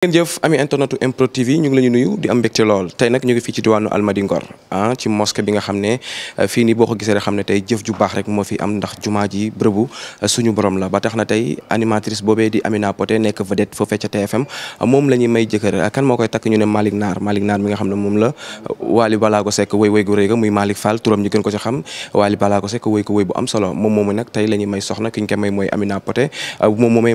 ngeen jëf ami internetu MPROD TV ñu ngi la ñu nuyu di am mbégte lool tey nag ñu ngi fii ci diwaanu Almadi Ngor ah ci mosquée bi nga xam ne ah, fii nii boo ko gisee rek xam ne tey jëf ju baax rek moo fi am ndax jumaa ji bërëbu ah, suñu borom ba tax na tey animatrice boobee di Amina nekk vedette foofee ca ah, moom la ñuy may jëkkër kan moo koy takk ñu ne Malick Naar Malick Naar mi nga xam ne moom la Waly Balago Seck woy woy gu rëy muy Malick Fall turam ñu ko ci xam Waly Balago Seck woy ko woy bu am solo moom moomu nag tey la ñuy may soxna ki ñu koy may mooy Amina Poté moom moomay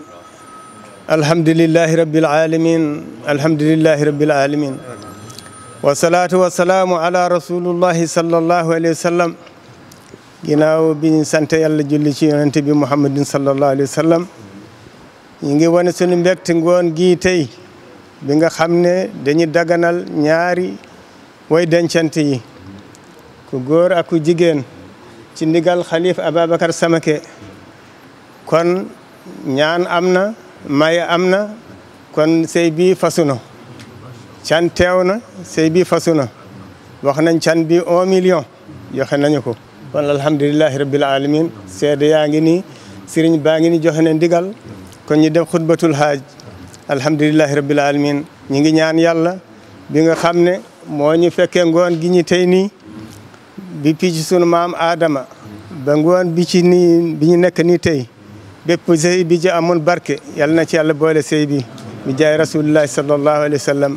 alhamdulillahi rabbil alamin alhamdulillahi rabbil alamin wasalaatu wasalaamu sallallahu alayhi wa sallam bi ñu sant yàlla julli ci yonent bi muhammadin sallallahu alayhi wa sallam ngi wane suñu mbégte ngoon gii tey bi nga xam ne dañuy daganal ñaari way dencante yi ku góor ak ku jigéen ci ndigal xalif Ababacar Samake kon ñaan am na maye am na kon sëy bii fasu no can teew na sëy bii fasu na wax nañ can bi million yoxe nañu ko kon alhamdulilahi rabbil alamin seede yaa ngi nii sëriñ baa ngi ni joxe na ndigal kon ñu def xutbatul haaj alhamdulilahi rabbil alamin ñi ngi ñaan yàlla bi nga xam ne moo ñu fekkee ngoon gi ñi tey nii bi picc sunu maam Adama ba ngoon bi ci nii bi ñu nekk nii tey bépp sëy bi ci amoon barke yàlla na ci yàlla boole sëy jaay rasulillahi sallallahu alayhi wa sallam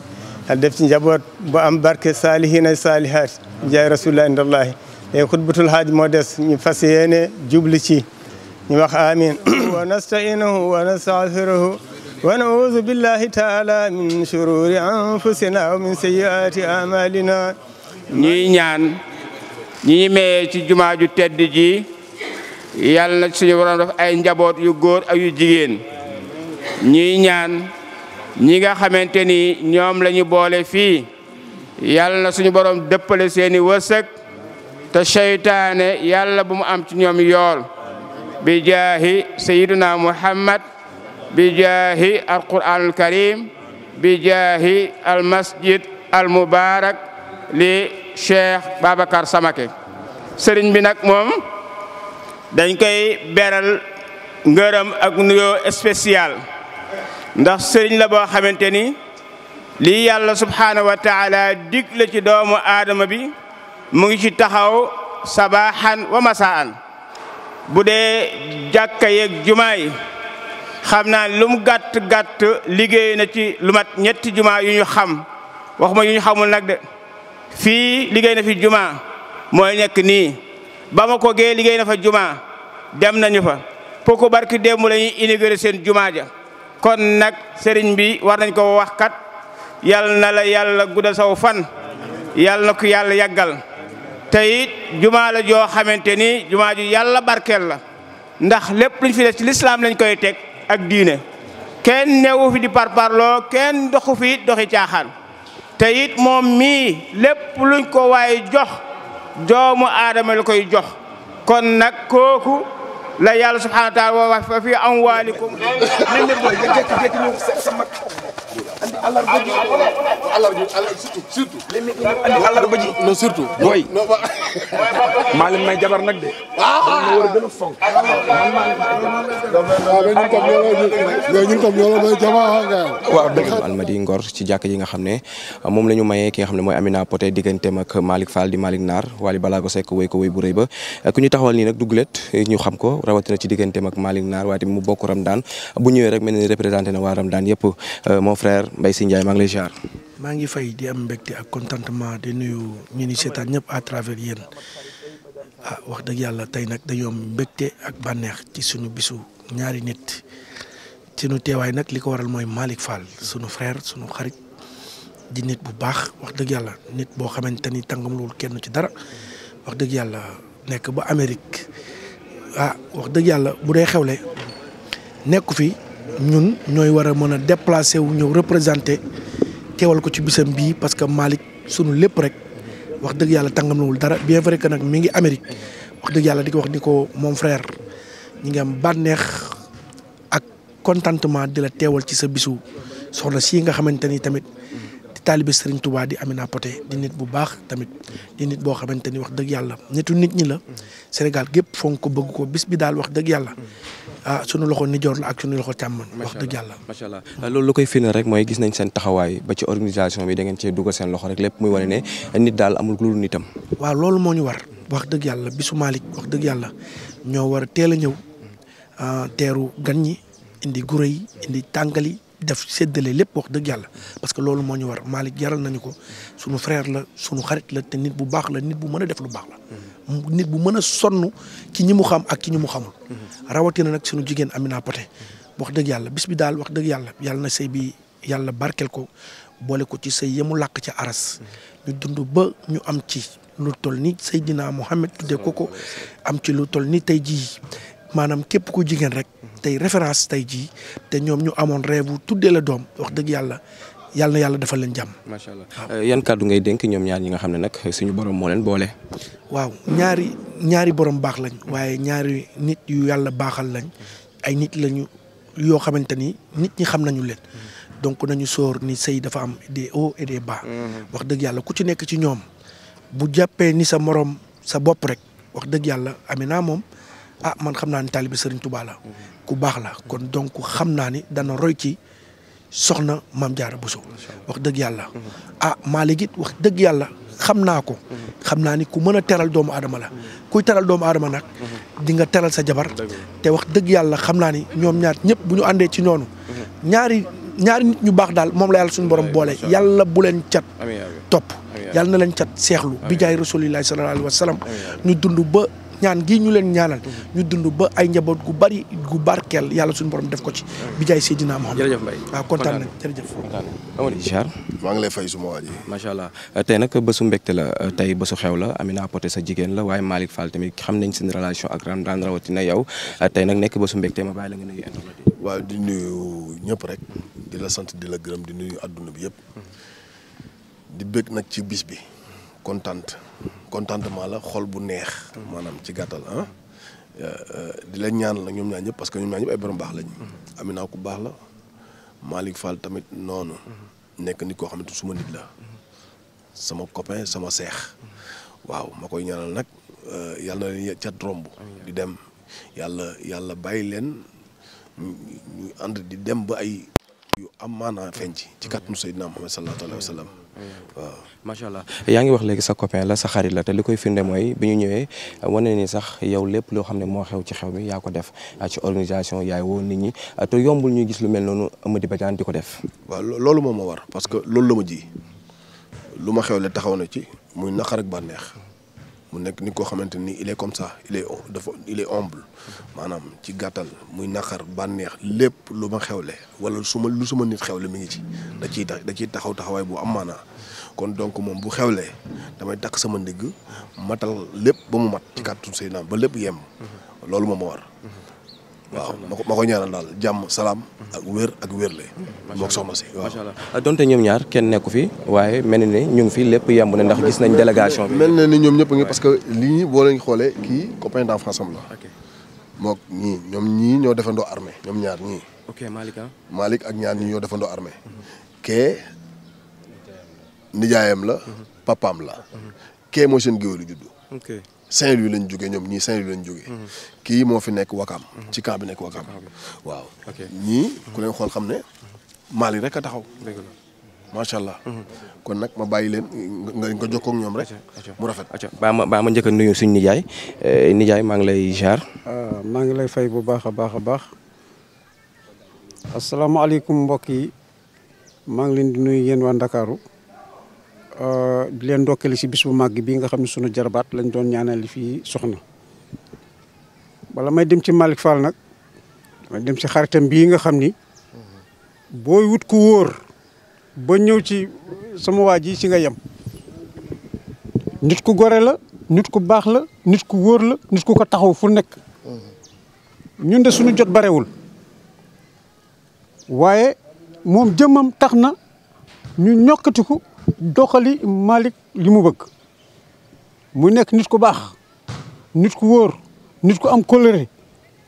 yàlla def ci njaboot bu am barke saalihiina saalihaat bi jaay rasulillahi indallahi léegi xutbatul haaj moo des ñu fas jubli ci ñu wax amin wa nastainuhu wa nastaghfiruhu wa taala min shururi anfusina wa min sayyiati amalina ñuy ñaan ñi ñu ci jumaa ju ji yàlla na suñu borom def ay njaboot yu góor ak yu jigéen ñuy ñaan ñi nga xamante ni ñoom la ñu boole fii yàlla na suñu borom dëppale seeni wërsëg te seytaane yàlla bu mu am ci ñoom yool bi jaahi sayiduna muhammad bi jaahi alquranul karim bi jaahi al masjid al mubarak li cheikh babacar samake sëriñ bi moom dañ koy beral ngërëm ak nuyoo spécial ndax sëriñ la boo xamante ni lii yàlla subhaanahu wa taala dig la ci doomu aadama bi mu ngi ci taxaw sabaxan wa masaan bu dee jàkka yeeg jumaa yi xam naa lu mu gàtt gàtt liggéey na ci lu mat ñetti jumaa yu ñu xam waxuma yu xamul nag de fii liggéey na fi jumaa mooy nekk nii Bamako gee liggéey na fa juma dem nañu fa poko barki démb la ñuy seen jumaa ja kon nag seriñ bi war nañ ko wax kat yal na la yàlla guddal saw fan yal na ko yàlla yàggal te it jumaa la joo xamante ni jumaa ju yàlla barkeel la ndax lépp luñ fi def ci lislaam lañ koy teg ak diine kenn newu fi di parparloo kenn doxu fi doxi caaxaan te moom mii lépp luñ ko waaye jox doomu aadama la koy jox kon nag kooku la yàlla subhaanahu wa taala wa wax fa fi amwaalikum andi may jabar nag de. Ah. waaw a gën a fonk. Ah, ñun tam ñoo ah, xam ne moom la ñu mayee ki nga xam ne mooy Amina Poté digganteem ak Malick Fall di Malick Naar Wally Balago sekk wéy ko wéy bu rëy ba ñu taxawal nii nag duggulet ñu xam ko rawatina ci digganteem ak Malick Naar waaye mu bokk Ramdaan bu ñëwee rek mel ni représenté na waa daan yëpp euh, mon frère Mbaye si Ndiaye maa ngi lay ziar. maa ngi fay di am mbégte ak contentement di nuyu ñu ni seetaan ñëpp à travers yéen ah wax dëgg yàlla tey nag dañoo am mbégte ak bànneex ci suñu bisu ñaari nit ci nu teewaay nag li ko waral mooy Malick Fall suñu frère suñu xarit di nit bu baax wax dëgg yàlla nit boo xamante ni tàngamluwul kenn ci dara wax dëgg yàlla nekk ba Amérique ah wax dëgg yàlla bu dee xew xewle nekku fi. ñun ñooy war a mën a déplacé wu ñëw représenté teewal ko ci bisam bii parce que Malick sunu lépp rek wax dëgg yàlla tàngamlewul dara bien vrai que nag mi ngi Amérique wax dëgg yàlla di ko wax ni ko moom frère ñu ngi am bànneex ak contentement di la teewal ci sa bisu soxna si nga xamante ni tamit taalibe Serigne Touba di Amina Poté di nit bu baax tamit di nit boo xamante ni wax dëgg yàlla nitu nit ñi la Sénégal gépp fonk ko bëgg ko bis bi daal wax dëgg yàlla ah sunu loxo nijoor la ak sunu loxo càmmoñ wax dëgg yàlla macha allah ah, loolu koy firndeel rek mooy gis nañ seen taxawaay ba ci organisation bi da cee dugal seen lépp muy wane ne nit daal amul lu nitam waaw loolu moo ñu war wax dëgg yàlla bisu maalit wax dëgg yàlla ñoo war a teel a ñëw ah, teeru gan ñi indi gure yi indi tàngal def séddale lépp wax dëgg yàlla parce que loolu moo ñu war Malick jaral nañu ko sunu frère la suñu xarit la te nit bu baax la nit bu mën a def lu baax la. nit bu mën a sonn ci ñi mu xam ak ci ñi mu xamul. rawatina nag suñu jigéen Amina Poté wax dëgg yàlla bis bi daal wax dëgg yàlla yàlla na sëy bi yàlla barkel ko boole ko ci sëy yemu làkk ca aras. ñu dund ba ñu am ci lu toll ni Seydina Mohamed tuddee ko ko am ci lu toll ni tey jii maanaam képp ku jigéen rek. tey référence tey jii te ñoom ñu amoon rêve bu tuddee la doom wax dëgg yàlla yàlla na yàlla defal leen jàmm. macha allah euh, yan kàddu ngay dénk ñoom ñaar ñi nga xam ne nag suñu borom moo leen boole. waaw ñaari ñaari borom baax lañ. waaye ñaari nit yu yàlla baaxal lañ. ay nit lañu yoo xamante ni nit ñi xam nañu leen. donc nañu soor ni sëy dafa am des hauts et des mhm. wax dëgg yàlla ku ci nekk ci ñoom bu jàppee ni sa morom sa bopp rek wax dëgg yàlla amee naa moom. ah man xam naa ni taalibe Serigne Touba la ku baax la kon donc xam naa ni dana roy ci soxna Maam Jaara Bousso wax dëgg yàlla ah Malick it wax dëgg yàlla xam naa ko mm-hmm. xam naa ni ku mën a teral doomu aadama la mm-hmm. kuy teral doomu aadama nag mm-hmm. di nga teral sa jabar te wax dëgg yàlla xam naa ni ñoom ñaar ñëpp bu ñu àndee ci noonu ñaari ñaari nit ñu baax daal moom la yàlla suñu borom boole yàlla bu leen cat topp yàlla na leen cat seexlu bi jaay rasulillahi sallallahu alayhi wa ñaan gii ñu leen ñaanal ñu dund ba ay njaboot gu bari gu barkeel yàlla suñu borom def ko ci bi jaay Seydina Muhammad jërëjëf Mbaye waaw kontaan nañ jërëjëf amali maa ngi lay fay suma waa ji macha allah tey nag bésu mbégte la tey bésu xew la Amina Poté sa jigéen la waaye Malick Fall tamit xam nañ seen relation ak ran ran rawatina yow tey nag nekk bésu mbégte ma bàyyi la nga nuyu internet waaw di nuyu ñëpp rek di la sant di la gërëm di nuyu àdduna bi yëpp mm-hmm. nag ci bis bi contentement la xol bu neex. maanaam ci gàttal ah. Euh, di la ñaan la ñoom ñaar ñëpp parce que ñoom ñaar ñëpp ay borom baax lañu. naa ku baax la Malick Fall tamit noonu. nekk nit koo xamante suma nit la. sama copain sama seex. waaw ma koy ñaanal nag euh, yàlla na leen cat romb. di dem yàlla yàlla bàyyi leen ñu ànd di dem ba ay. yu am maanaa feeñ ci. ci kàttanu Seydina Muhammad sallallahu alayhi wa sallam. waaw macha allah yaa ngi wax léegi sa copain la sa xarit la te li koy firnde mooy bi ñu ñëwee wane ni sax yow lépp loo xam ne moo xew ci xew bi yaa ko def ci organisation yaay woo nit ñi te yombul ñuy gis lu mel noonu Amady Badiane di ko def. waaw loolu moom ma war parce que loolu la ma ji lu ma xew la taxaw na ci muy naqar ak bànneex mu nekk nit koo xamante ni il est comme ça il est dafa il est maanaam ci gàttal muy naqar bànneex lépp lu ma xewle wala su ma lu suma nit xewle mi ngi ci da ciy tax da ciy taxaw taxawaay boo am maanaa kon donc moom bu xewlee damay takk sama ndigg matal lépp ba mu mat ci kàttu say naan ba lépp yem loolu moom ma war waaw ma ko ko ñaanal daal jàmm salaam. ak wér ak wérle. mook soxna si waaw macha allah ah, donte ñoom ñaar kenn nekku fi waaye mel na ni ñu ngi fi lépp yemb na ndax gis nañ délégation bi. mel na ni ñoom ñëpp ngi parce que lii boo leen xoolee kii copain d'enfance am la. mook ñii ñoom ñii ñoo defandoo armee ñoom ñaar ñii. ok Malick ah. ak ñaar ñii ñoo defandoo armée. Mhm. kee nijaayam la. Mhm. papaam la. Mhm. kee mooy seen géwélu juddu. Saint-Louis lañ jógee ñoom ñii Saint-Louis lañ jógee. Mhm. kii moo fi nekk Wakaam. Mhm. ci camp bi nekk Wakaam. waaw ñii mhm. ku leen xool xam ne Mali rek a taxaw. macha allah. kon nag ma bàyyi leen nga nga jokkoo ñoom rek. mu rafet baa ma baa ma njëkk a nuyu suñu nijaay eh, nijaay maa ngi lay jaar. Ah, maa ngi lay fay bu baax a baax a baax. asalaamaaleykum mbokk yi maa ngi leen di nuyu yéen waa Ndakaaru. Euh, di leen ndokkale si bis bu màgg bi nga xam ne sunu jarbaat lañ doon ñaanal fi soxna bala may dem ci Malick Fall nag may dem ci xaritam bii nga xam ni booy wut ku wóor ba ñëw ci sama waa ji ci nga yem nit ku gore la nit ku baax la nit ku wóor la nit ku ko taxaw fu nekk ñun de suñu jot barewul waaye moom jëmmam tax na ñu ñokkatiku doxali malik li mu bëgg mu nekk nit ku baax nit ku wóor nit ku am colère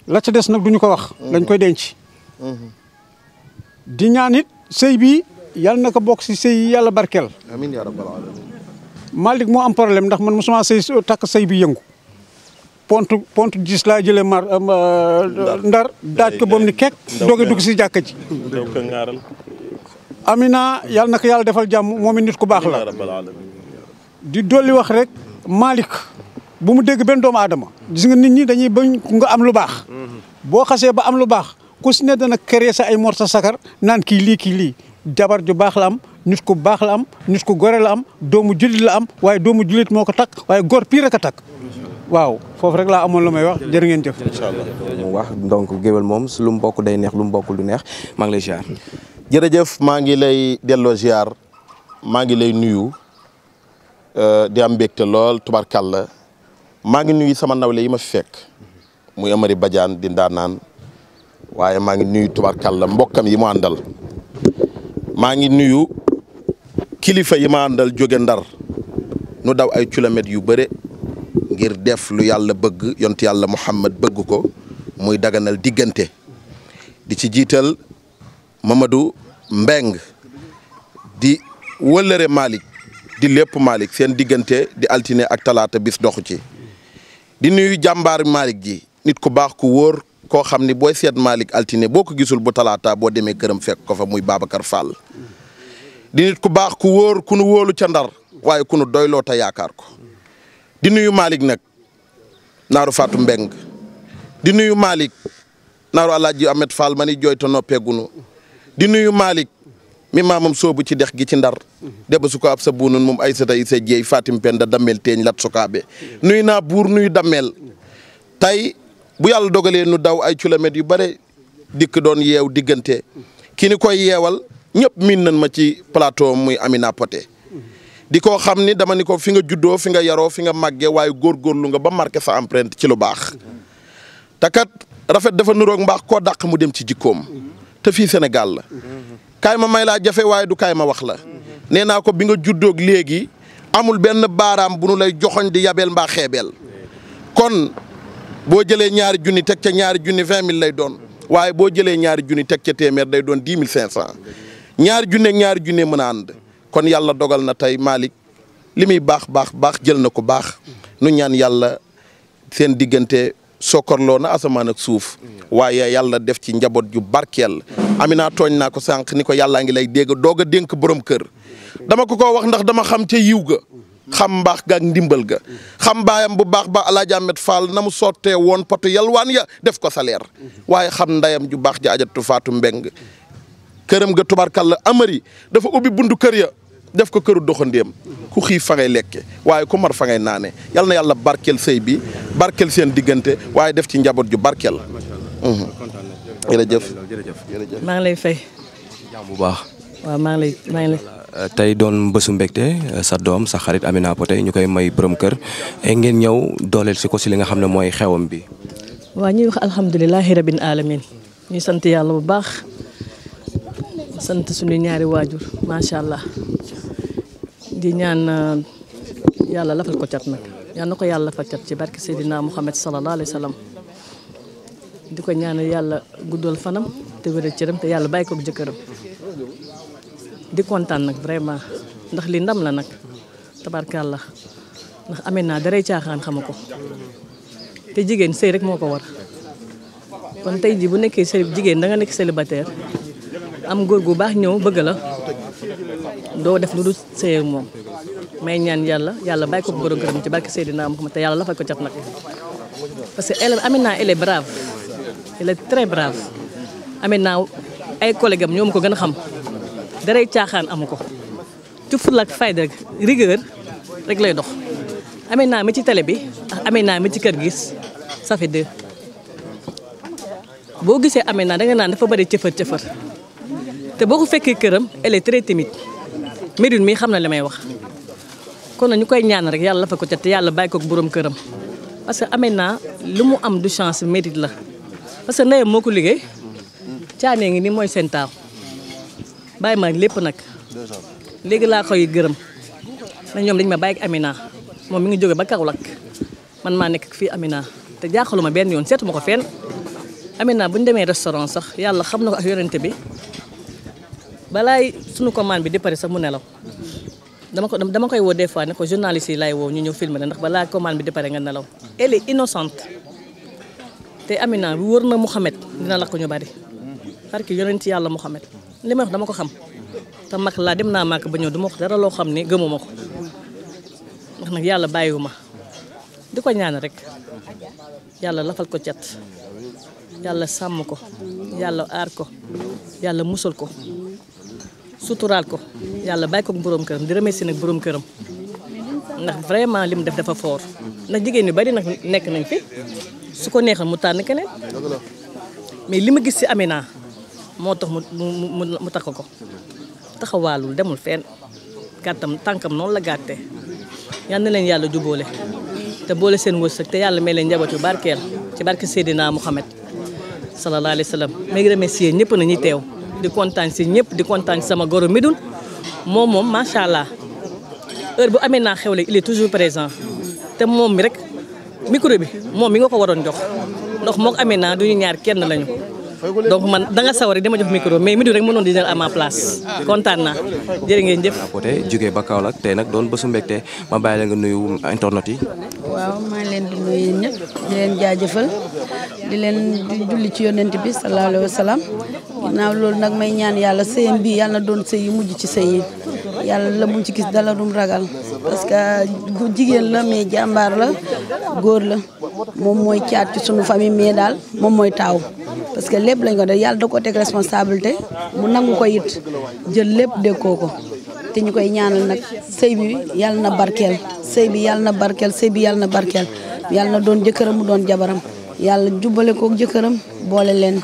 la ca des nag duñu ko wax dañ mhm. koy denc mhm. di ñaan sëy bi yàlla na ko bokk si sëy yàlla barkeel amiin yaa moo am problème ndax man mosuma sëy takk sëy bi yëngu pont pont gis laa jëlee mar euh, ndar daaj ko bom ni kekk doge dugg si jàkka ji Amina yàlla na ko yàlla defal jàmm moom it nit ku baax la di dolli wax rek maalik bu mu dégg benn doomu aadama gis nga nit ñi dañuy bañ nga am lu baax boo xasee ba am lu baax ku si ne dana créer sa ay morsa sakar naan kii lii kii lii jabar ju baax la am nit ku baax la am nit ko gore la am doomu jullit la am waaye doomu jullit moo ko takk waaye góor pire ko takk waaw foofu rek laa amoon lu may wax jërë ngeen jëf. incha allah wax donc géwél moom lu mu day neex lu mu lu neex maa ngi lay jërëjëf maa ngi lay delloo maa ngi lay nuyu euh, di am mbégte lool tubarkàlla maa ngi nuyu sama nawle yi ma fi fekk muy Amary Badiane di ndaanaan waaye maa ngi nuyu tubarkàlla mbokkam yi mu àndal maa ngi nuyu kilifa yi ma àndal jóge ndar nu daw ay kilomètres yu bëre ngir def lu yàlla bëgg yont yàlla Muhammad bëgg ko muy daganal diggante di ci jiital Mamadou Mbeng di wëllëre Malick di lépp malik seen diggante di altine ak talaata bis doxu ci di nuyu jàmbaar Malick ji nit ku baax ku wóor koo xam ni booy seet malik altine boo ko gisul bu talaata boo demee këram fekk ko fa muy Babacar Fall di nit ku baax ku wóor ku nu wóolu ca ndar waaye ku nu doyloo ko di nuyu malik nag naaru Fatou Mbeng di nuyu malik naaru Alaaji Ahmed Fall ma ni jooy te noppeegunu di nuyu maalik mi maamam soobu ci dex gi ci ndar deba su ko ab sa buunun moom ay sa tey se jeey Fatim Penda dammel teeñ lat sukaabe nuyu naa buur nuyu dammel tey bu yàlla dogalee nu daw ay kilomètres yu bare dikk doon yeew diggante ki ni koy yeewal ñëpp miin nañ ma ci plateau muy Amina Poté di ko xam ni dama ni ko fi nga juddoo fi nga yaroo fi nga màggee waaye góorgóorlu nga ba marqué sa empreinte ci lu baax te rafet dafa nuroog mbaax koo daq mu dem ci jikkoom te senegal la kaay ma may laa jafe waaye du kaay ma wax la nee naa ko bi nga juddoog léegi amul benn baaraam bu nu lay joxoñ di yabeel mbaa xeebeel kon boo jëlee ñaari junni teg ca ñaari junni vingt mille lay doon waaye boo jëlee ñaari junni teg ca téeméer day doon dix mille cinq ñaari junne ñaari junne mën a ànd kon yàlla dogal na tey Malick li muy baax baax baax jël na ko baax nu ñaan yàlla seen diggante sokkorloo na asamaan ak suuf waaye yàlla def ci njaboot ju barkeel Amina tooñ naa ko sànq ni ko yàllaa ngi lay dégg doog a dénk borom kër dama ko ko wax ndax dama xam ca yiw ga xam mbaax ga ndimbal ga xam baayam bu baax ba alaaji Ahmed Fall na mu sottee woon potu yalwaan ya def ko salaire waaye xam ndayam ju baax ja ajatu faatu mbeng këram ga tubarkalla amari dafa ubbi buntu kër ya def ko këru doxandéem ku xiif fa ngay lekke waaye ku mar fa ngay naane yal na yàlla barkeel sëy bi barkeel seen diggante waaye def ci njaboot ju barkeel. Mhm. jërëjëf jërëjëf maa ngi lay fay. bu baax. waaw maa ngi lay eh, tey doon mbësu mbégte eh, sa doom sa xarit Amina Poté ñu koy may borom kër eh, ngeen ñëw dooleel si ko si li nga xam ne mooy xewam bi. waaw ñuy wax alhamdulilahi rabbil alamin ñuy sant yàlla bu baax. sant suñu ñaari waajur macha allah di ñaan uh, yàlla lafal ko cat nag yal na ko yàlla lafal cat ci barke Seydina Muhammad sallallahu alayhi wa sallam di ko ñaan yàlla guddal fanam te wéral cëram te yàlla bàyyi ko jëkkëram di kontaan nag vraiment ndax li ndam la nag tabarkàllah ndax amee naa daray caaxaan xama ko te jigéen sëy rek moo ko war kon tey ji bu nekkee sëy jigéen da nga nekk célibataire am góor gu baax ñëw bëgg la doo def lu du sëy moom may ñaan yàlla yàlla bàyyi ko borom këram ci barke Seydina Muhammad te yàlla la fa ko cat nag parce que élève Amina elle est brave elle est très brave Amina ay collègue am ñoom ko gën a xam daray caaxaan amu ko ci fulla ak fayda rek rek lay dox naa mi ci tele bi amee naa mi ci kër gis ça fait boo gisee amee Amina danga naan dafa bëri cëfër cëfër te boo ko fekkee këram elle est très timide Médoune mii xam na li may wax kon na ñu koy ñaan rek yàlla la fa ko ca te yàlla bàyyi ko boroom këram parce que amee naa lu mu am du chance mérite la parce que ndeyam moo ko liggéey caanee ngi ni mooy seen taaw bàyyi ma lépp nag léegi laa koy gërëm na ñoom dañ ma bàyyi Amina moom mi ngi jóge ba Kaolack man maa nekk fii Amina te ma benn yoon seetu ma ko fenn Amina bu ñu demee restaurant sax yàlla xam na ko ak yonente bi balaay suñu commande bi di pare sax mu nelaw dama ko dama koy woo des fois ne ko journaliste yi laay woo ñu ñëw filmer la ndax balaa commande bi di pare nga nelaw elle est innocente te Amina wóor na Mouhamed dina la ko ñu bari xarki yonent yàlla Mouhamed li may wax dama ko xam te mag laa dem naa màkk ba ñëw du ma dara loo xam ne gëmuma ko ndax nag yàlla bàyyiwu ma di ko ñaan rek yàlla lafal ko cat yàlla sàmm ko yàlla aar ko yàlla musal ko suturaal ko yàlla bàyyi ko borom këram di remercier nag borom këram ndax vraiment li mu def dafa foor ndax jigéen ñu bari nag nekk nañ fi su ko neexal mu tànn keneen mais li ma gis ci Amina moo tax mu mu mu takk ko taxawaalul demul fenn gàttam tànkam noonu la gàtte yal leen yàlla jubóole te boole seen wërsëg te yàlla may leen njaboot yu barkeel ci barke Seydina Mouhamed sallallahu alayhi wa sallam may yeen ñëpp nañuy teew. di kontaan si ñëpp di kontaan si sama goro Médoune moom moom macha allah heure bu amee naa xewle il est toujours présent te moom mi rek micro bi moom mi nga ko waroon jox ndox moo amee naa du ñu ñaar kenn lañu. donc man da nga sawar rek dama jox micro mais midi rek mënoon di jël à ma place kontaan naa jërë ngeen jëf. à côté jógee ba Kaolack tey nag doon bésu mbégte ma bàyyi la nga nuyu internet yi. waaw maa ngi leen di nuyu ñëpp di leen jaajëfal di leen di julli ci yonent bi sallallahu alayhi wa salaam ginnaaw loolu nag may ñaan yàlla sëyam bi yàlla doon sëy yi mujj ci sëy yi. yàlla la mu ci gis dala dum ragal parce que jigéen la mais jàmbaar la góor la moom mooy caat ci sunu famille mais daal moom mooy taaw parce que lépp lañ ko def yàlla da ko teg responsabilité mu nangu ko jël lépp déggoo ko te ñu koy ñaanal nag sëy bi yàlla na barkeel sëy bi yàlla na barkeel sëy bi yàlla na barkeel yàlla na doon jëkkëram mu doon jabaram yàlla jubale kook jëkkëram boole leen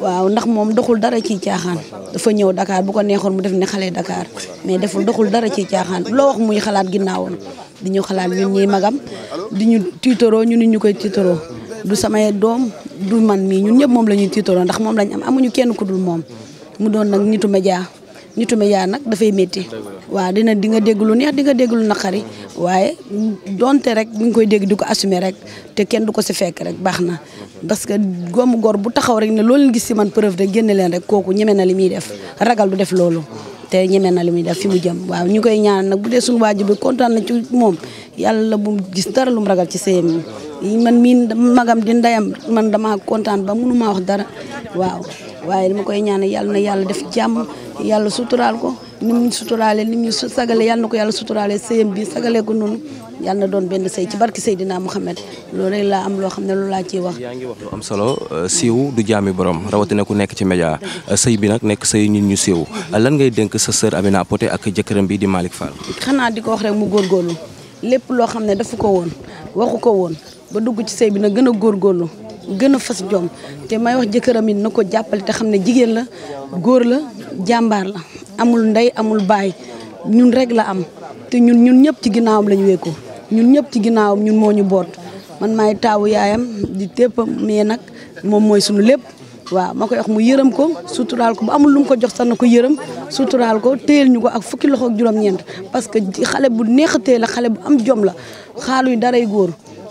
waaw ndax moom doxul dara ci caaxaan dafa ñëw dakaar bu ko neexoon mu def ne xale dakaar mais deful doxul dara ci caaxaan loo wax muy xalaat ginnaawam di ñu xalaat ñun ñuy magam di ñu tiitoroo ñu ni ñu koy tiitaroo du samay doom du man mii ñun ñëpp moom la ñuy tiitaroo ndax moom lañ am amuñu kenn ku dul moom mu doon nag nitu média nitu média nag dafay métti waaw dina di nga dégg lu neex di nga dégg lu naqari waaye donte rek mi ngi koy dégg di ko assumer rek te kenn du ko si fekk rek baax na parce que goom gor bu taxaw rek ne loolu gis si man preuve de génne leen rek kooku ñemee na li muy def ragal du def loolu te ñeme na li muy def fi mu jëm waaw ñu koy ñaan nag bu dee suñu waajur bi kontaan na ci moom yàlla bu gis dara lu mu ragal ci sëyam man mii magam di ndeyam man dama kontaan ba mënu maa wax dara waaw waaye dama koy ñaan yàlla na yàlla def jàmm yàlla suturaal ko ni mu suturaale ni mu sagale yàlla na ko yàlla suturaale sëyam bi sagale ko noonu yàlla na doon benn sëy ci barki Seydina Muhammad loolu rek laa am loo xam ne loolu laa ciy wax. yaa ngi wax lu am solo euh, siiw du jaami borom rawatina ku nekk ci média euh, sëy bi nag nekk sëy nit ñu siiw euh, lan ngay dénk sa sœur naa Poté ak jëkkëram bi di Malick Fall. xanaa di ko wax rek mu góorgóorlu lépp loo xam ne dafa ko woon. waxu ko woon ba dugg ci sëy bi na gën a góor góorlu gën a fas jom te may wax jëkkëram it na ko jàppale te xam ne jigéen la góor la jàmbaar la amul ndey amul baay ñun rek la am te ñun ñun ñëpp ci ginnaawam lañu wékku ñun ñëpp ci ginnaawam ñun moo ñu boot man maay taawu yaayam di téppam mais nag moom mooy sunu lépp waaw moo koy wax mu yërëm ko suturaal ko bu amul lu mu ko jox sax na ko yërëm suturaal ko téyel ñu ko ak fukki loxook ak juróom-ñeent parce que xale bu neex la xale bu am jom la xaaluy daray góor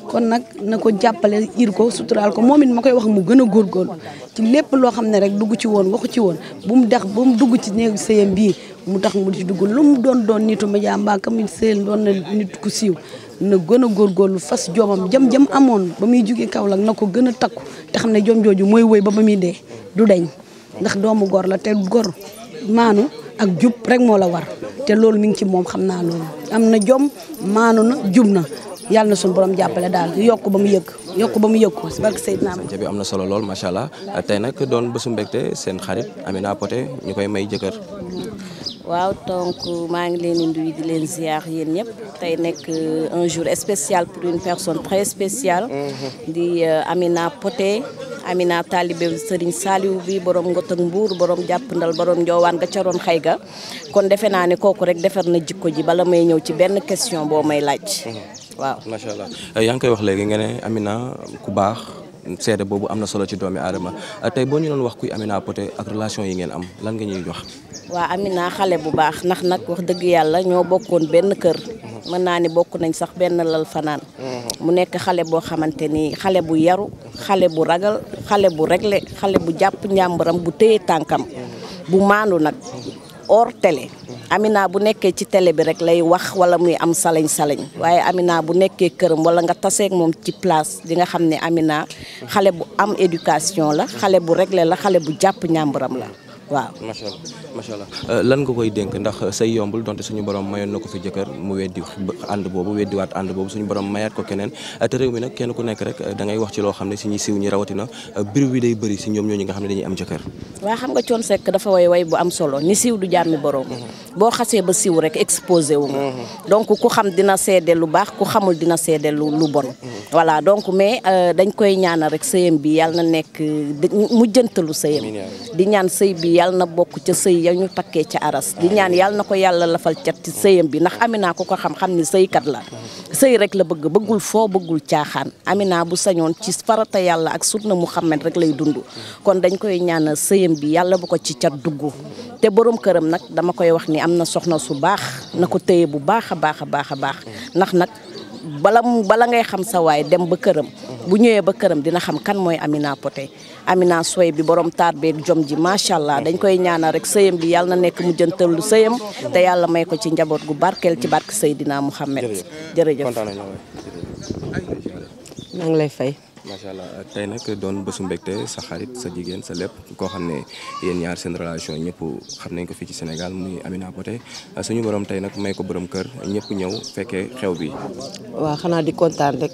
kon nag na ko jàppale ir ko suturaal ko moom it moo koy wax mu gën a góorgóorlu ci lépp loo xam ne rek dugg ci woon waxu ci woon bu mu dex bu mu dugg ci néegu sëyam bii mu tax mu ci dugg lu mu doon doon nitu média mbaa kam sëyal doon na nit ku siiw na gën a góorgóorlu fas joomam jëm jëm amoon ba muy kaw lag na ko gën a takku te xam ne joom jooju mooy woy ba ba muy dee du deñ ndax doomu góor la te góor maanu ak jub rek moo la war te loolu mi ngi ci moom xam naa loolu am na jom maanu na jub na yàlla na borom jàppale daal yokk ba mu yëg yokk ba mu yëg ko barke Seydina sance bi am na solo lool macha allah tey nag doon bésu mbégte seen xarit Amina Poté ñu koy may jëkkër waaw donc maa ngi leen di nuyu di leen ziar yéen ñëpp tey nekk euh, un jour spécial pour une personne très spéciale. Mm-hmm. di euh, Amina Poté Amina Talibé Serigne Saliou bi borom Ngotak Mbour borom ndal borom njowaan ga caroon xay ga kon defe naa ne kooku rek defar na jikko ji bala may ñëw ci benn question boo may laaj. Mm-hmm. waaw yaa ngi koy wax léegi nga ne Amina ku baax. seede boobu am na solo ci doomi aadama tey boo ñu doon wax kuy Amina Poté ak relation yi ngeen am lan nga ñuy jox waa Amina xale bu baax ndax nag wax dëgg yàlla ñoo bokkoon benn kër mhm. mën naa ni bokk nañ sax benn lal fanaan mhm. mu nekk xale boo xamante ni xale bu yaru xale bu ragal xale bu réglé xale bu jàpp njàmbaram bu téye tànkam mhm. bu maandu nag hors télé Amina bu nekkee ci télé bi rek lay wax wala muy am saleñ saleñ waaye Amina bu nekkee këram wala nga taseek moom ci place di nga xam ne Amina xale bu am éducation la xale bu réglé la xale bu jàpp ñàmbaram la waaw macha allah macha allah euh, lan nga koy dénk ndax euh, say yombul donte suñu borom mayoon na ko fi jëkkër mu weddi ànd boobu weddiwaat ànd boobu suñu borom mayaat ko keneen euh, te réew nekk rek da ngay wax loo xam ne si ñi siiw ñi rawatina biir wi day bëri si ñoom ñooñu nga xam ne dañuy am jëkkër waaw xam nga coon sekk dafa way way mhm. boo xasee ba siiw rek exposé wu nga mhm. donc ku xam dina seede lu baax ku xamul dina seede lu lu bon mhm. voilà donc mais dañ koy ñaanal rek sëyam bi yàlla na nekk mujjantalu sëyam di ñaan sëy bi yal na bokk ca sëy ya ñu takkee ca aras di ñaan yal na ko yàlla lafal cat ci sëyam bi ndax Amina ku ko xam-xam ni sëykat la sëy rek la bëgg bëggul foo bëggul caaxaan Amina bu sañoon ci farata yàlla ak na sunna Muhammad rek lay dund kon dañ koy ñaanal sëyam bi yàlla bu ko ci cat dugg te borom këram nag dama koy wax ni am na soxna su baax na ko téye bu baax a baax a baax a baax ndax nag bala bala ngay xam sa waay dem ba këram bu ñëwee ba këram dina xam kan mooy Amina Poté Amina Soye bi borom taar beeg jom ji macha allah dañ koy ñaanal rek sëyam bi yàlla na nekk mu jëntalu sëyam te yàlla may ko ci njaboot gu barkeel ci barke Seydina Mouhamed jërëjëf maa ngi lay fay macha allah tey nag doon bésu mbégte sa xarit sa jigéen sa lépp koo xam ne yéen ñaar seen relation ñëpp xam nañ ko fii ci Sénégal muy Amina Poté suñu borom tey nag may ko boroom kër ñëpp ñëw fekkee xew bi. waaw xanaa di kontaan rek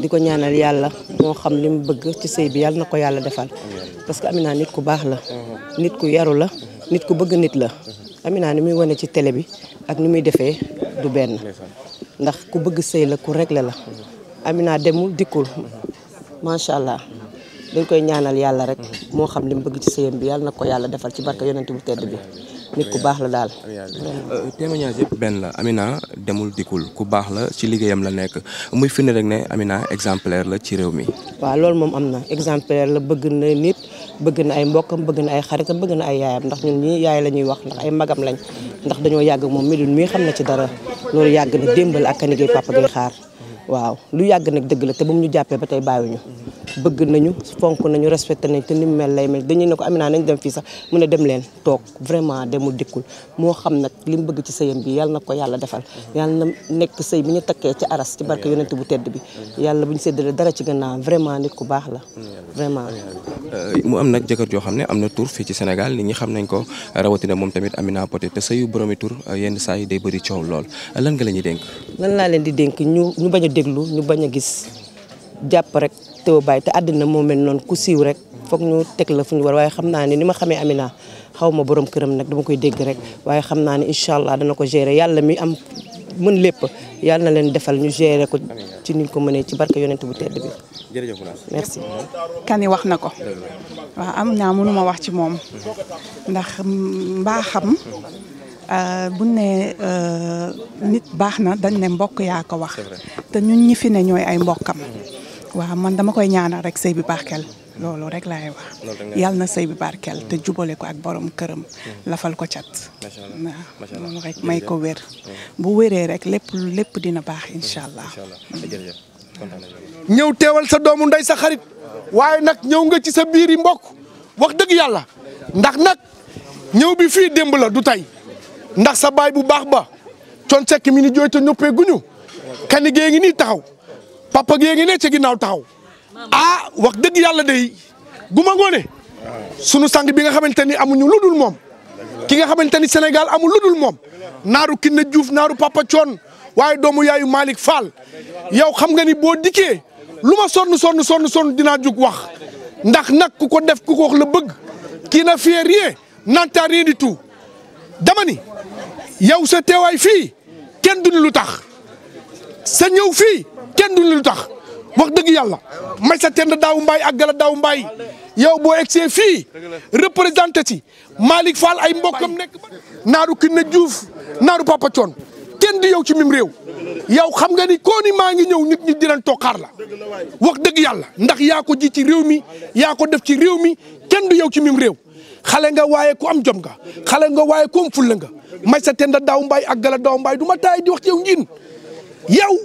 di ko ñaanal yàlla moo xam ni mu bëgg ci sëy bi yàlla na ko yàlla defal parce que Amina nit ku baax la. Mhm. nit ku yaru la. nit ku bëgg nit la. Mhm. Amina ni muy wane ci télé bi ak ni muy defee du benn. ndax ku bëgg sëy la ku réglé la. Mhm. Amina demul dikkul. macha allah dañ koy ñaanal yàlla rek moo xam li mu bëgg ci sëyam bi yàlla na ko yàlla defal ci barke yonent bu tedd bi nit ku baax la daal. Euh, témoignage yëpp benn la Amina demul dikkul ku baax la ci liggéeyam la nekk muy firnde rek ne Amina exemplaire la ci réew mi. waaw loolu moom am na exemplaire la bëgg na nit bëgg na ay mbokkam bëgg na ay xaritam bëgg na ay yaayam ndax ñun ñii yaay la ñuy wax ndax ay magam lañ ndax dañoo yàgg moom Médoune mii xam na ci dara loolu yàgg na démbal waaw lu yàgg nag dëgg la te bu mu ñu jàppee ba tey bàyyiwuñu bëgg nañu fonk nañu respecté nañ te ni mel lay mel dañuy ne Amina xam nag li mu bëgg ci sëyam bi yàlla na ko yàlla defal yàlla na nekk sëy bi ñu takkee ci aras ci barke yonent bu tedd bi yàlla bu ñu séddale dara ci gannaaw vraiment nit ku baax la vraiment euh, mu am nag jëkkër joo xam ne am na tur fii ci Sénégal nit ñu xam nañ ko rawatina moom tamit Amina Poté te sëyu boromi tur euh, yenn saa yi day bëri coow lool lan nga la ñuy dénk lan laa leen di dénk ñu ñu bañ a déglu ñu bañ a gis jàpp rek teew bàyyi te àddina moo mel noonu ku siiw rek foog ñu teg la fu ñu war waaye xam naa ni ni ma xamee Amina xaw ma borom këram nag dama koy dégg rek waaye xam naa ni incha allah dana ko gérer yàlla mi am mën lépp yàlla na leen defal ñu gere ko ci niñ ko mënee ci barke yonent bu tedd bi. jërëjëf merci. Kani wax na ko. waa am naa ma wax ci moom. ndax mbaa xam. Euh, bu ne euh, nit baax na dañ ne mbokk yaa ko wax. te ñun ñi fi ne ñooy ay mbokkam. waa man dama koy ñaanal rek sëy bi kel loolu rek laay wax yàlla na sëy bi barkeel te mm-hmm. jubale ko ak borom këram mm-hmm. lafal ko cat waaw loolu rek may ko wér mm-hmm. bu wéree rek lépp lépp dina baax incha allah ñëw teewal sa doomu ndey sa xarit waaye nag ñëw nga ci sa biir yi mbokk wax dëgg yàlla ndax nag ñëw bi fii démb la du tey ndax sa baay bu baax ba coon sekk mi ni jooy te ñoppee guñu kanigée ngi nii taxaw papa gee ngi ne ca ginnaaw taxaw ah wax dëgg yàlla day guma ngoone sunu sang bi nga xamante ni amuñu lu dul moom ki nga xamante ni senegal amul lu dul moom naaru Kiné juuf naaru Papa Thione waaye doomu yaayu Malick Fall yow xam nga ni boo dikkee lu ma sonn sonn sonn sonn dinaa jug wax ndax nag ku ko def ku ko la bëgg kii na fait rien n'entend rien du tout dama ni yow sa teewaay fii kenn duñu lu tax sa ñëw fii kenn du lu tax wax dëgg yàlla may sa tend daaw mbaay ak gala daaw mbaay yow boo egsee fii représenté ci Malick Fall ay mbokkam nekk naaru kinna Diouf naaru Papa Thion kenn di yow ci mim réew yow xam nga ni koo ni maa ngi ñëw nit ñi dinañ toqaar la wax dëgg yàlla ndax yaa ko ji ci réew mi yaa ko def ci réew mi kenn du yow ci mim réew xale nga waaye ku am jom nga xale nga waaye ku am fulla nga may sa tenda daaw mbaay ak gala daaw mbaay du ma taay di wax ci yow njiin yow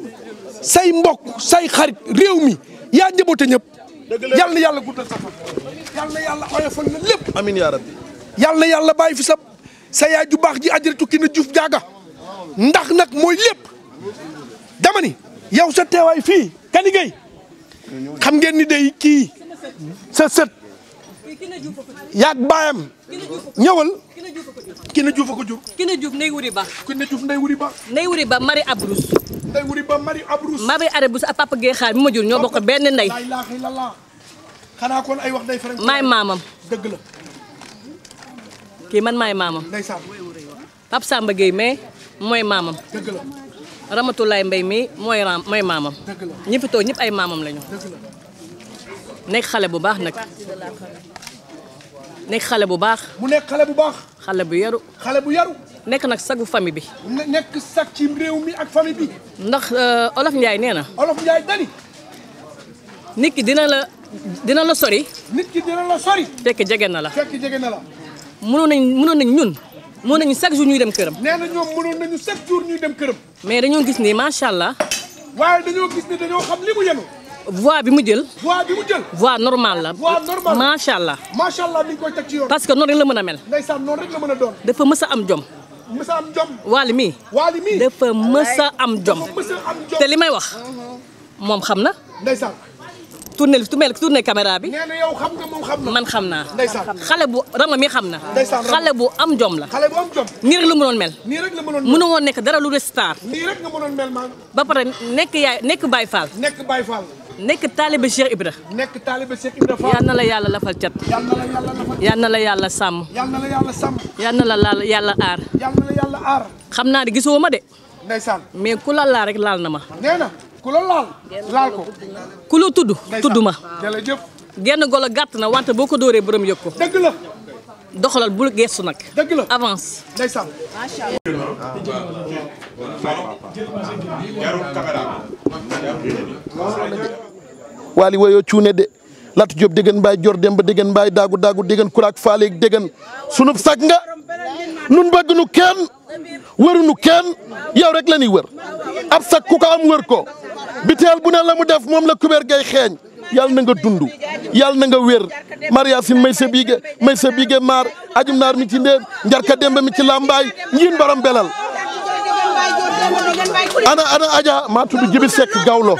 say mbokk say xarit réew mi yaa njaboote ñëpp. yal na yàlla guddal sa fan yal na yàlla oyofal na lépp. amiin yàlla bàyyi fi sa sa yaay ju baax ji ajaratu kii na Diouf jaaga ndax nag mooy lépp dama ni yow sa teewaay fii Kani Gueye xam ngeen ni day kii sa sët yaag baayam ñëwal Kiné Diouf a wuri ba Kiné Diouf nday wuri ba nday wuri ba mari abrous nday wuri ba mari abrous a abrous ak papa gay xaar mi ma jur ñoo bokk benn ndey la ay wax day faram maay maamam dëgg la kii man may maamam ndeysaan Pape Samba Gueye mais mooy maamam dëgg la Ramatoulaye mi mooy raam mooy maamam ñi fi ay maamam lañu la nekk xale bu baax nag nekk xale bu baax. mu nekk xale bu baax. xale bu yaru. xale bu yaru. nekk nag sagu famille bi. nekk sag ci réew mi ak famille bi. ndax euh, Olof Ndiaye nee na. Olof Ndiaye dani. nit ki dina la dina la sori. nit ki dina la sori. fekk jege na la. fekk jege na la. mënoon nañ mënoon nañ ñun. mënoon nañu chaque jour ñuy dem këram. nee na ñoom mënoon nañu chaque jour ñuy dem këram. mais dañoo gis ni macha allah. waaye dañoo gis ni dañoo xam li mu yenu voie bi mu jël. voie bi mu jël. voie normale la. voie normale macha allah. macha allah ni ñu koy teg ci yoon. parce que noonu rek la mën a mel. ndeysaan a doon. dafa mës a am jom. mës a am jom. waali mii. waali mii dafa mës a am jom. te li may wax moom xam na. ndeysaan. tourné tourné tourné caméra bi. nee na yow xam nga moom xam na. man xam naa. ndeysaan xale bu rama mi xam na. ndeysaan xale bu am jom la. xale bu am jom. nii rek la mënoon mel. nii rek la mënoon mel mënoo woon nekk dara lu restar. nii rek nga mënoon mel maa ba pare nekk yaay nekk Baye Fall. nekk Baye Fall. nekk taalib Cheikh Ibra. nekk taalibe Cheikh Ibra yal na la yàlla lafal cat. yal na la yàlla lafal yal na la yàlla sàmm. yal la la yàlla aar. xam naa ne gisoo ma de. mais ku la laal rek laal na ma. ku la laal. laal ku la tudd. tudd ma. jërëjëf. genn golo gàtt na wante boo ko dóoree borom yëg ko. dëgg la. doxalal bul gestu nag. dëgg la avance. waali woyoo cuune de Lat Diop déggan mbaay jor dem ba déggan mbaay daagu daagu déggan kuraak faaleeg déggan sunub sag nga nun bëgg nu kenn nu kenn yow rek la ñuy wër ab sag ku ko am wër ko biteel bu ne la mu def moom la kubéer gay xeeñ yàlla na nga dund yàlla na nga wér mariasin may sa biige may maar ajum naar mi ci ndéem njarka dembe mi ci làmbaay njiin borom belal ana ana aja maa tudd jibi sekk gawlo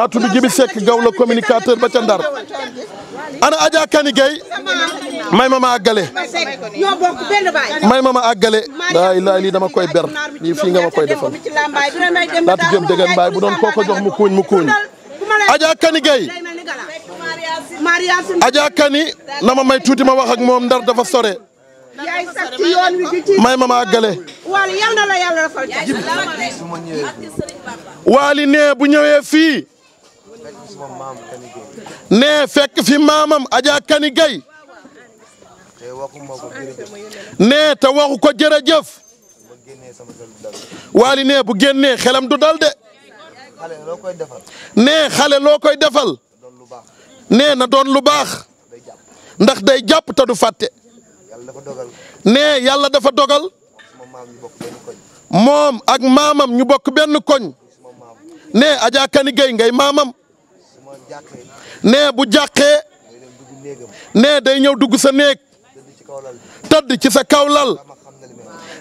maa tudd Jibi Seck Gaw la communicateur ba ca Ndar ana Adja Kani Gueye may ma ma àggale may ma ma àggale laay laay dama koy ber lii fii koy defal laata jëm dëggan mbaay bu doon koo ko jox mu kuuñ mu kuuñ Adja Kani Gueye Adja may tuuti ma wax moom Ndar dafa sore may ma ma àggale waali nee bu ñëwee fii nee fekk fi maamam Adja Kani Gueye nee te waxu ko jërëjëf waali nee bu génnee xelam du dal de ne xale loo koy defal nee na doon lu baax ndax day jàpp te du fàtte nee yàlla dafa dogal moom ak maamam ñu bokk benn koñ nee Adja Kani Gueye ngay maamam nee bu jàqee nee day ñëw dugg sa néeg tëdd ci sa kaw lal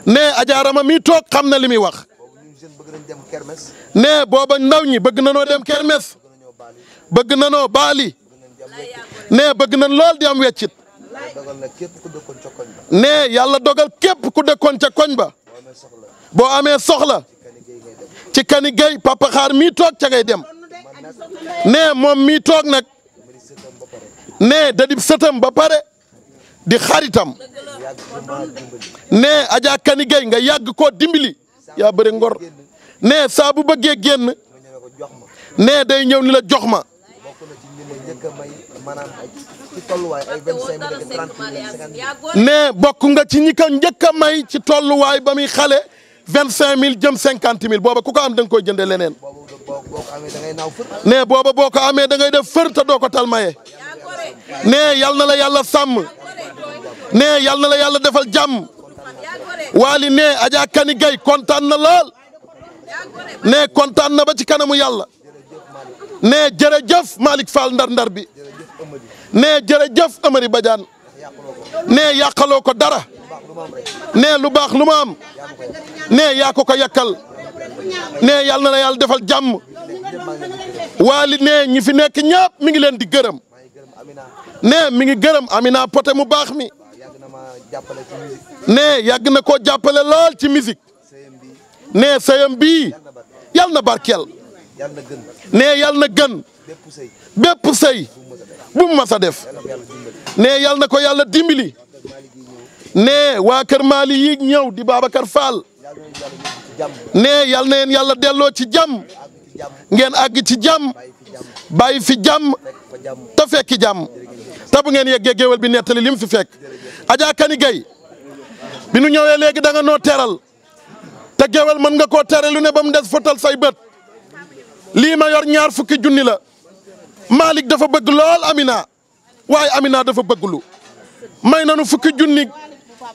nee ajaarama mi toog xam na li muy wax nee booba ndaw ñi bëgg na noo dem kermes bëgg na noo baali nee bëgg na lool di am weccit nee yàlla dogal képp ku dëkkoon ca koñ ba boo amee soxla ci kani gay papa xaar mi toog ca ngay dem nee moom mi toog nag nee da di sëtam ba pare di xaritam nee Adja Kani Gueye nga yàgg koo dimbili yaa bëri ngor nee saabu bu bëggee génn nee day ñëw ni la jox ma. nee bokk nga ci ñi ko njëkk a may ci tolluwaay ba muy xale vingt cinq mille jëm cinquante mil booba ku ko am da nga koy jënde leneen. nee booba boo ko amee dangay def fër te doo ko tal maye. nee yal na la yàlla sàmm. nee yal la yàlla defal jàmm. waali ne Adja Kani Gueye kontaan na lool. nee kontaan na ba ci kanamu yàlla. nee jërëjëf Malick Fall ndar-ndar bi. ne jërëjëf Amary Badiane. nee yàqaloo ko dara. nee lu baax lu ma am. nee ko ko nee yàlla na la yàlla defal jàmm waali nee ñi fi nekk ñëpp mi ngi leen di gërëm nee mi ngi gërëm Amina Poté mu baax mi nee yàgg na koo jàppale laal ci musique nee sëyam bii yàlla na barkeel nee yàlla na gën bépp sëy bu mu mas a def nee yàlla na ko yàlla dimbali nee waa kër Maali yi ñëw di Babacar Fall nee yal na leen yàlla delloo ci jàmm ngeen àgg ci jàmm bàyyi fi jàmm te fekki jàmm te bu ngeen yeggee géwél bi nettali lim fi fekk. Adja Kani bi nu ñëwee léegi danga noo teral te géwél mën nga koo teralu ne ba mu des fotal say bët lii mayor ñaar fukki junni la Malick dafa bëgg lool Amina waaye Amina dafa bëgg lu may nanu fukki junni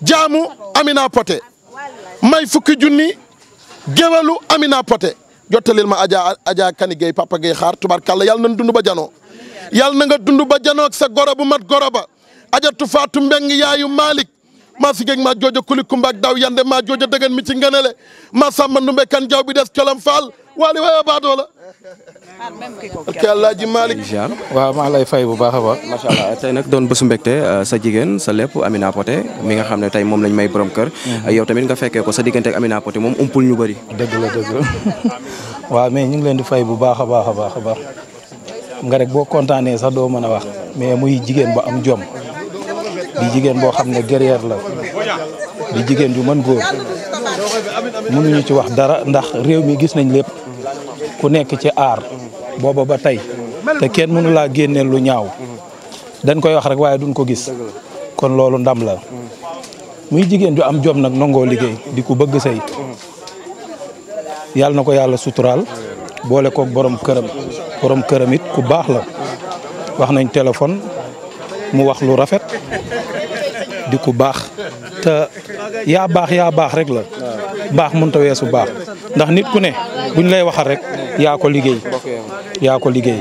jaamu Amina Poté may fukki junni. géwalu Amina Poté jottalil ma Adja Adja Kani Gueye Papa Gueye xaar tubarkàlla yàlla nañ dund ba janoo yàlla na nga dund ba janoo sa goro bu mat goro ba ajatu faatu mbeng yaayu Malick maa si géeg maa jooja kuli kumbaak daw yande maa jooja dëggan mi ci ngënale maa sàmba numbekan jaw bi des colam faal waali waaye baatoo la. ak Alaaji Malick ziar waaw lay fay bu baax a baax macha tey nag doon bésu mbégte euh, sa jigéen sa lépp Amina Poté mi nga xam ne tey moom lañ may borom kër mhm. yow tamit nga fekkee ko sa diggante ak Amina Poté moom umpul ñu bëri dëgg la dëgg la waaw mais ñu ngi leen di fay bu baax a baax a a baax nga rek boo kontaanee sa doo mën a wax mais muy jigéen bu am jom di jigéen boo xam ne guerrière la di jigéen ju mën góor mënuñu ci wax dara ndax réew mi gis nañ lépp ku nekk ci aar booba ba tey te kenn mënu laa génneel lu ñaaw dañ koy wax rek waaye duñ ko gis kon loolu ndam la muy jigéen ju am jom nag nangoo liggéey di ku bëgg sëy yàlla na ko yàlla suturaal boole koog borom këram borom këram it ku baax la wax nañ téléphone mu wax lu rafet di ku baax te yaa baax yaa baax rek la baax mënut a weesu baax ndax nit ku ne buñ lay waxal rek yaa ko liggéey yaa ko liggéey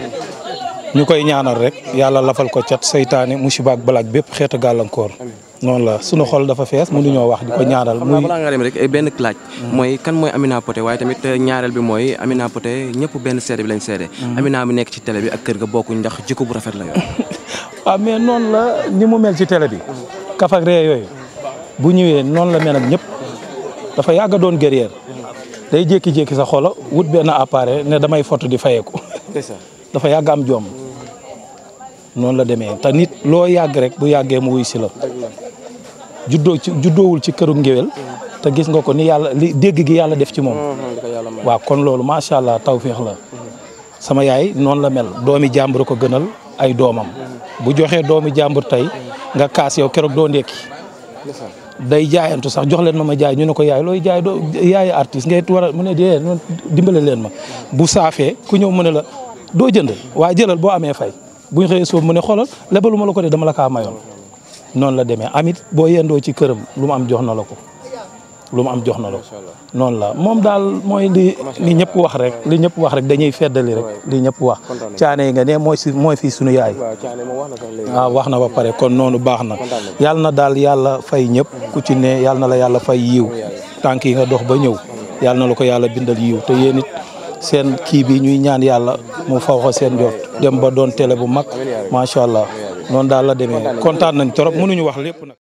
ñu koy ñaanal rek yàlla lafal ko cat saytaane musiba ak balaak bépp xeetu gàllankoor noonu la sunu xol dafa fees ñoo wax di ko ñaanal. muy balaa nga dem rek benn laaj. Hmm. mooy kan mooy Amina Poté waaye tamit eh, ñaareel bi mooy Amina Poté ñëpp benn seede bi lañ seede. Hmm. Amina mi nekk ci tele bi ak kër ga bokkuñ ndax jikko bu rafet la yor. ah mais la ni mu mel ci kaf yooyu bu ñëwee noonu la mel ak ñëpp dafa yàgg doon guerrier day jékki-jékki sa xolo wut be benn appareil ne damay foto di fayeeku dafa yàgg am joom noonu la demee te nit loo yàgg rek bu yàggee mu wuy si la juddoo ci juddoowul ci këru ngéwél te gis nga ko ni yàlla li dégg gi yàlla def ci moom mm-hmm, waaw kon loolu macha allah tawféex la sama yaay noonu la mel doomi jàmbur ko gënal ay doomam mm-hmm. bu joxee doomi jàmbur tey nga kaas yow keroog doo ndekki day jaayantu sax jox leen ma ma jaay ñu ne ko yaay looy jaay doo yaay artiste ngay war a mu ne dee dimbale leen ma bu saafee ku ñëw mu ne la doo jënd waaye jëlal boo amee fay bu ñu xëyee soob mu ne xoolal lebalu ma la ko de dama la kaa mayoon noonu la demee amit boo yendoo ci këram lu mu am jox na la ko lu mu am jox na la ko noonu la moom daal mooy li li ñëpp wax rek li ñëpp wax rek dañuy feddali rek li ñëpp wax caane yi nga ne mooy si mooy yaay waaw ah, wax na ba pare kon noonu baax na yàlla na daal yàlla fay ñëpp ku ci ne yàlla na la yàlla fay yiw tànk yi nga dox ba ñëw yàlla na la ko yàlla bindal yiw te yéen seen kii bi ñuy ñaan yàlla mu fawxa seen jot dem ba doon télé bu mag macha allah noonu daal la demee kontaan nañ trop wax lépp